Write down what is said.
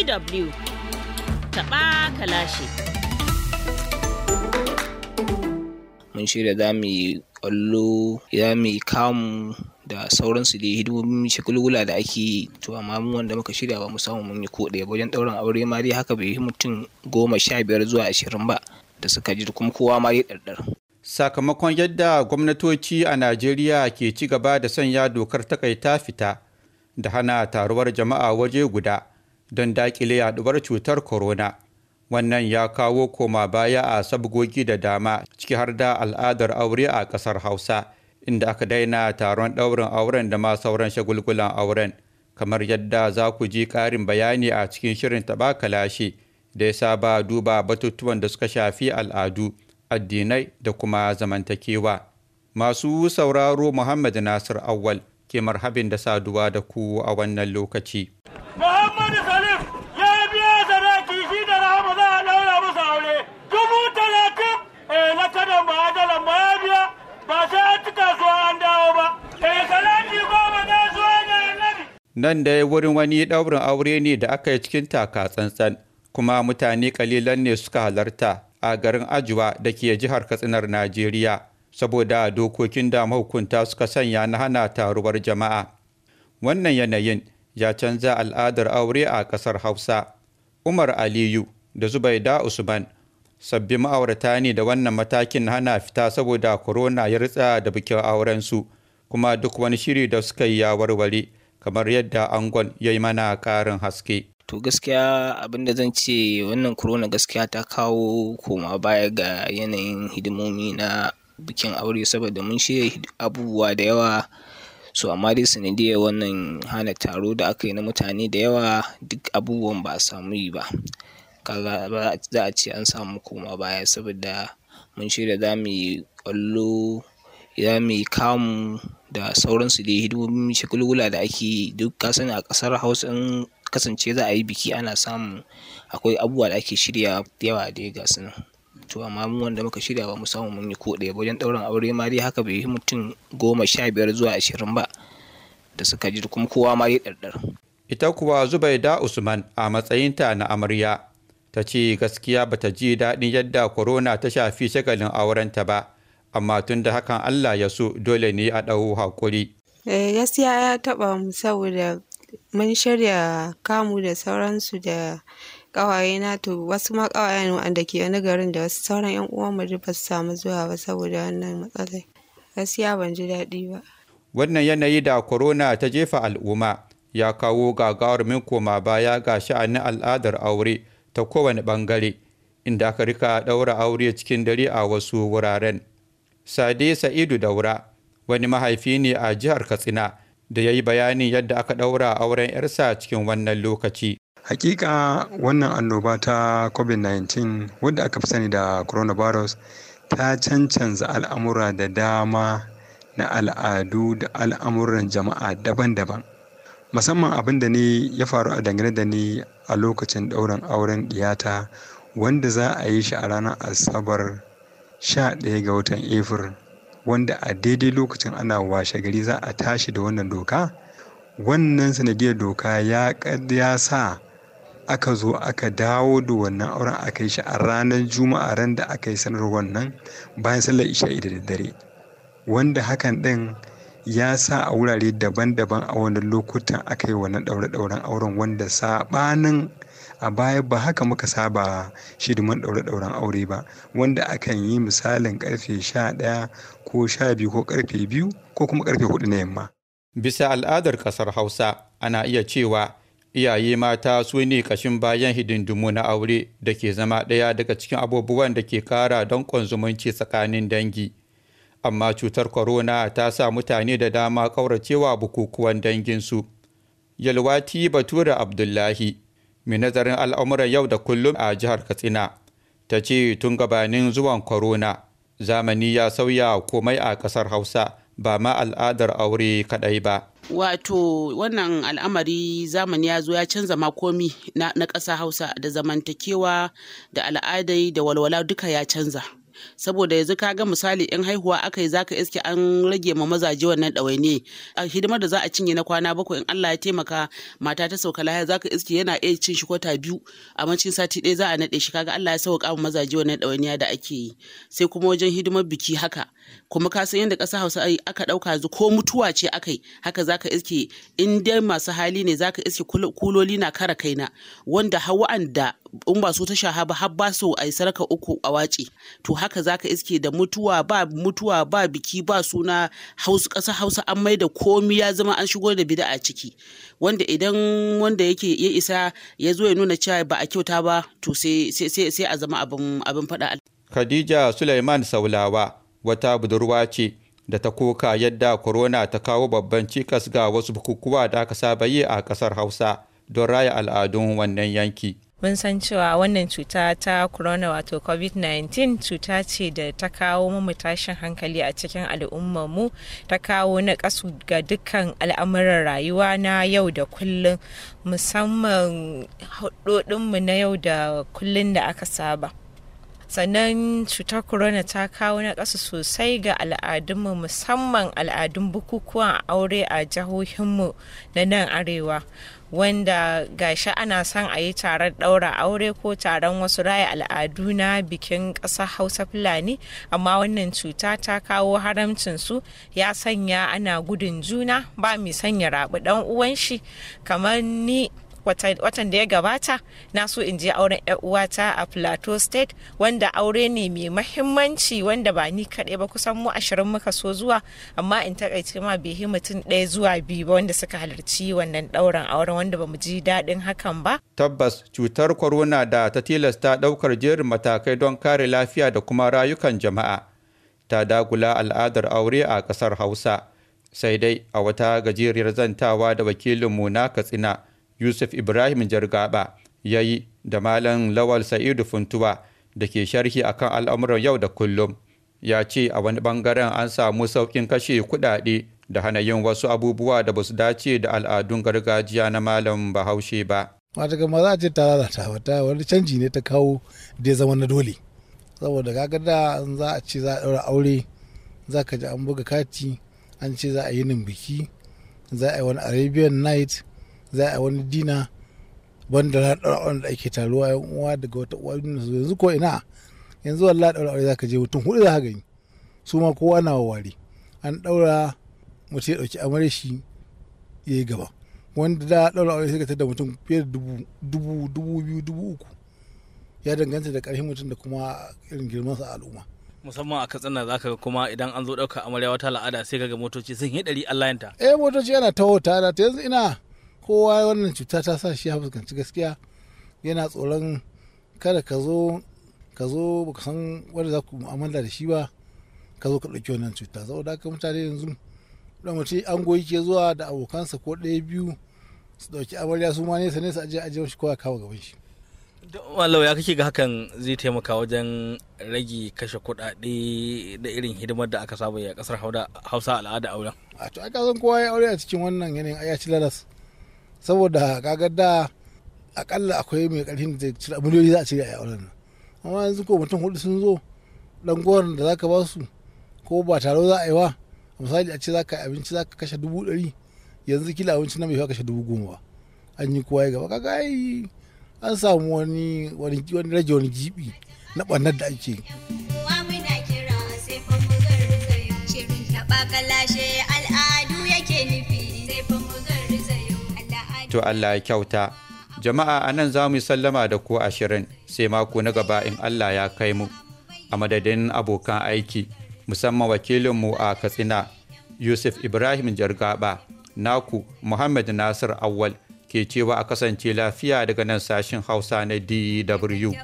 DW taɓa kalashe. Mun shirya za mu yi ƙwallo, za mu yi kamu da sauransu da hidimomin shagulgula da ake yi to amma mu wanda muka shirya ba mu samu mun yi ko ɗaya wajen ɗaurin aure ma dai haka bai yi mutum goma sha biyar zuwa ashirin ba da suka ji kuma kowa ma dai ɗarɗar. sakamakon yadda gwamnatoci a najeriya ke ci gaba da sanya dokar takaita fita da hana taruwar jama'a waje guda don dakile yaduwar cutar corona wannan ya kawo koma baya a sabgogi da dama ciki har da al'adar aure a kasar hausa inda aka daina taron ɗaurin auren da ma sauran shagulgulan auren kamar yadda za ku ji ƙarin bayani a cikin shirin taɓa kalashi da ya saba duba batutuwan da suka shafi al'adu addinai da kuma zamantakewa masu sauraro muhammad nasir awal ke marhabin da saduwa da ku a wannan lokaci Muhammadu Salim ya biya sadaki shi da rahama za a ɗaura masa aure. Dubu talatin eh, na kanan ba adalan ba ya biya ba sai an ci kasuwa an dawo ba. Eh salati goma na zuwa ga annabi. Nan dai wurin wani ɗaurin aure ne da aka yi cikin taka tsantsan kuma mutane kalilan ne suka halarta a garin Ajuwa da ke jihar Katsinar Najeriya. saboda dokokin da mahukunta suka sanya na hana taruwar jama'a. Wannan yanayin ya canza al'adar aure a ƙasar Hausa. Umar Aliyu da Zubaida Usman sabbi ma'aurata ne da wannan matakin hana fita saboda korona ya ritsa da bikin aurensu kuma duk wani shiri da suka yi ya warware kamar yadda angon ya yi mana ƙarin haske. To gaskiya abin da zan ce wannan korona gaskiya ta kawo koma baya ga yanayin hidimomi na bikin aure saboda mun shirya abubuwa da yawa So amma dai sanadiyar wannan hana taro da aka yi na mutane da yawa duk abubuwan ba a samu yi ba. Kaga za a ce an samu koma baya saboda mun shirya za mu yi ƙwallo, za mu yi kamu da sauransu dai hidimomin shagulgula da ake duk kasan a kasar Hausa in kasance za a yi biki ana samu akwai abubuwa da ake shirya yawa dai ga su to amma mu wanda muka shirya ba mu samu mun yi ko ɗaya wajen ɗaurin aure ma dai haka bai yi mutum goma sha biyar zuwa ashirin ba da suka ji kuma kowa ma yi ɗarɗar. ita kuwa zubaida usman a matsayinta na amarya ta ce gaskiya bata ji daɗin yadda corona ta shafi shagalin aurenta ba amma tun da hakan allah ya so dole ne a ɗau haƙuri. Eh, gaskiya ya taɓa mu saboda mun shirya kamu da sauransu da ƙawayena to wasu ma ƙawayen wanda ke wani garin da wasu sauran yan uwan mu ba su samu zuwa ba saboda wannan matsalai gaskiya ban ji daɗi ba wannan yanayi da corona ta jefa al'umma ya kawo min koma baya ga sha'anin al'adar aure ta kowane bangare inda aka rika daura aure cikin dare a wasu wuraren sade sa'idu daura wani mahaifi ne a jihar katsina da ya yi bayanin yadda aka ɗaura auren 'yarsa cikin wannan lokaci Hakika wannan annoba ta COVID-19 wadda aka fi sani da coronavirus ta cancanza al'amura da dama na al'adu da al'amuran jama'a daban-daban. Musamman abin da ne ya faru a dangane da ni a lokacin ɗaurin auren ɗiyata wanda za a yi shi a ranar Asabar 11 ga watan Efir wanda a daidai lokacin ana washe gari za a tashi da wannan doka. Wannan sanadiyar doka ya sa aka zo aka dawo da wannan auren aka yi shi a ranar juma'a ran da aka yi sanar wannan bayan sallar isha'i da daddare wanda hakan ɗin ya sa a wurare daban-daban a wannan lokutan aka yi wannan ɗaure-ɗauren auren wanda saɓanin a baya ba haka muka saba hidiman ɗaure-ɗauren aure ba wanda akan yi misalin karfe sha ɗaya ko sha biyu ko karfe biyu ko kuma karfe hudu na yamma. bisa al'adar ƙasar hausa ana iya cewa iyaye mata su ne kashin bayan hidindimu na aure da ke zama ɗaya daga cikin abubuwan da ke kara don zumunci tsakanin dangi amma cutar corona ta sa mutane da dama ƙauracewa bukukuwan danginsu yalwati Batura abdullahi mai nazarin al'amuran yau da kullum a jihar katsina ta ce tun gabanin zuwan corona zamani ya sauya komai a ƙasar hausa ba ma al'adar aure kaɗai ba wato wannan al'amari zamani ya zo ya canza makomi na ƙasa hausa da zamantakewa da al'adai da walwala duka ya canza saboda yanzu ka ga misali in haihuwa aka yi zaka iske an rage ma mazaje wannan ɗawainiye a hidimar da za a cinye na kwana bakwai in Allah ya taimaka mata ta sauka lahiya zaka iske yana iya cin shi kwata biyu a mancin sati ɗaya za a naɗe shi kaga Allah ya sauka ma mazaje wannan ɗawainiya da ake yi sai kuma wajen hidimar biki haka kuma ka san yadda ƙasa Hausa aka ɗauka ko mutuwa ce aka yi haka zaka iske in dai masu hali ne zaka iske kuloli na kara kaina wanda hawa'an da in ba su ta shaha ba har ba su a sarka uku a wace to haka zaka iske da mutuwa ba mutuwa ba biki ba suna hausa ƙasa hausa an mai da komi ya zama an shigo da bida a ciki wanda idan wanda yake ya isa ya zo ya nuna cewa ba a kyauta ba to sai sai a zama abin abin faɗa. Khadija suleiman Saulawa wata budurwa ce da ta koka yadda corona ta kawo babban cikas ga wasu bukukuwa da aka saba yi a kasar hausa don raya al'adun wannan yanki mun san cewa wannan cuta ta corona wato covid-19 cuta ce da ta kawo mu tashin hankali a cikin al'ummarmu ta kawo na kasu ga dukkan al'amuran rayuwa na yau da kullum musamman hudodinmu na yau da kullun da aka saba sannan cutar corona ta kawo na ƙasa sosai ga al'adunmu musamman al'adun bukukuwan aure a jihohinmu na nan arewa wanda gashi ana son a yi taron ɗaura aure ko taron wasu raya al'adu na bikin ƙasa hausa fulani amma wannan cuta ta kawo haramcin su ya sanya ana gudun juna ba mai sanya rabu ɗan uwan shi kamar ni watan da ya gabata na so in je auren uwata a plateau state wanda aure ne mai mahimmanci wanda ba ni kaɗai ba kusan mu ashirin muka so zuwa amma in takaice ma bai mutum ɗaya zuwa biyu ba wanda suka halarci wannan ɗaurin auren wanda ba mu ji daɗin hakan ba. tabbas cutar corona da ta tilasta ɗaukar jerin matakai don kare lafiya da kuma rayukan jama'a ta dagula al'adar aure a ƙasar hausa sai dai a wata gajeriyar zantawa da wakilinmu na katsina yusuf ibrahim jirgaba ya yi da malam lawal sa'idu funtuwa da ke sharhi a kan al'amuran yau da kullum ya ce a wani bangaren an samu sauƙin kashe kuɗaɗe da hana wasu abubuwa da ba su dace da al'adun gargajiya na malam bahaushe ba. wata kama za a ce ta lalata wata wani canji ne ta kawo da zama na dole saboda kaga da za a ce za a ɗaura aure za ka ji an buga kati an ce za a yi nin biki za a yi wani arabian night za a wani dina wanda na ɗaura auren da ake taruwa yan uwa daga wata uwa yanzu ko ina yanzu wallahi ɗaura aure za ka je mutum hudu za ka gani su ma kowa na wawari an ɗaura mutum ya ɗauki amare shi ya yi gaba wanda da ɗaura aure sai ka tada mutum fiye da dubu dubu biyu dubu uku ya danganta da ƙarfin mutum da kuma irin girman a al'umma musamman a katsina zaka ga kuma idan an zo ɗauka amarya wata al'ada sai ka ga motoci sun yi ɗari allayanta eh motoci yana ta ta yanzu ina kowa wannan cuta ta sa shi ya fuskanci gaskiya yana tsoron kada ka zo ka zo baka san wanda za ku mu'amala da shi ba ka zo ka ɗauki wannan cuta saboda haka mutane yanzu da mace an goyi ke zuwa da abokansa ko ɗaya biyu su ɗauki amarya su ma nesa nesa aje aje shi kowa kawo gaban shi. Wallau ya kake ga hakan zai taimaka wajen rage kashe kuɗaɗe da irin hidimar da aka saba a ƙasar Hausa al'ada auren. A to aka san kowa ya aure a cikin wannan yanayin a ya ci lalas. saboda kaga da akalla akwai mai karfin da zai cire miliyoyi za a cire a auren nan amma yanzu ko mutum hudu sun zo dan goron da zaka ba su ko ba taro za a yi wa misali a ce zaka abinci zaka kashe dubu ɗari yanzu kila abinci na mai fa kashe dubu goma ba an yi kowa ya gaba kaga ai an samu wani wani rage wani jibi na bannar da ake yi. to Allah ya kyauta jama'a a nan za mu yi sallama da ku ashirin sai mako na gaba in Allah ya kai mu a madadin abokan aiki musamman wakilinmu a katsina yusuf ibrahim jargaba naku muhammad nasir awal ke cewa a kasance lafiya daga nan sashin hausa na dw